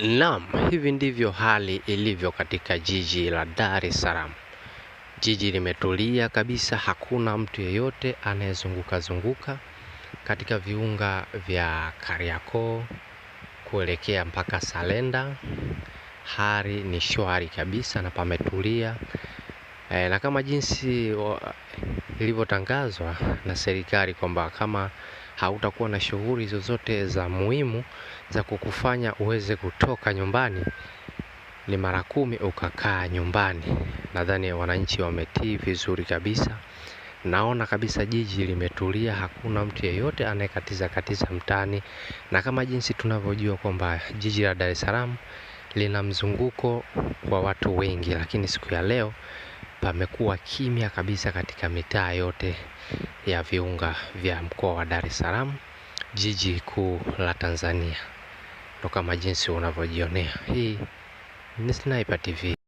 Naam, hivi ndivyo hali ilivyo katika jiji la Dar es Salaam. Jiji limetulia kabisa, hakuna mtu yeyote anayezunguka zunguka katika viunga vya Kariakoo kuelekea mpaka Salenda. Hali ni shwari kabisa na pametulia e, na kama jinsi wa, ilivyotangazwa na serikali kwamba kama hautakuwa na shughuli zozote za muhimu za kukufanya uweze kutoka nyumbani, ni mara kumi ukakaa nyumbani. Nadhani wananchi wametii vizuri kabisa. Naona kabisa jiji limetulia, hakuna mtu yeyote anayekatiza katiza mtaani, na kama jinsi tunavyojua kwamba jiji la Dar es Salaam lina mzunguko wa watu wengi, lakini siku ya leo pamekuwa kimya kabisa katika mitaa yote ya viunga vya mkoa wa Dar es Salaam, jiji kuu la Tanzania, ndo kama jinsi unavyojionea. Hii ni Sniper TV.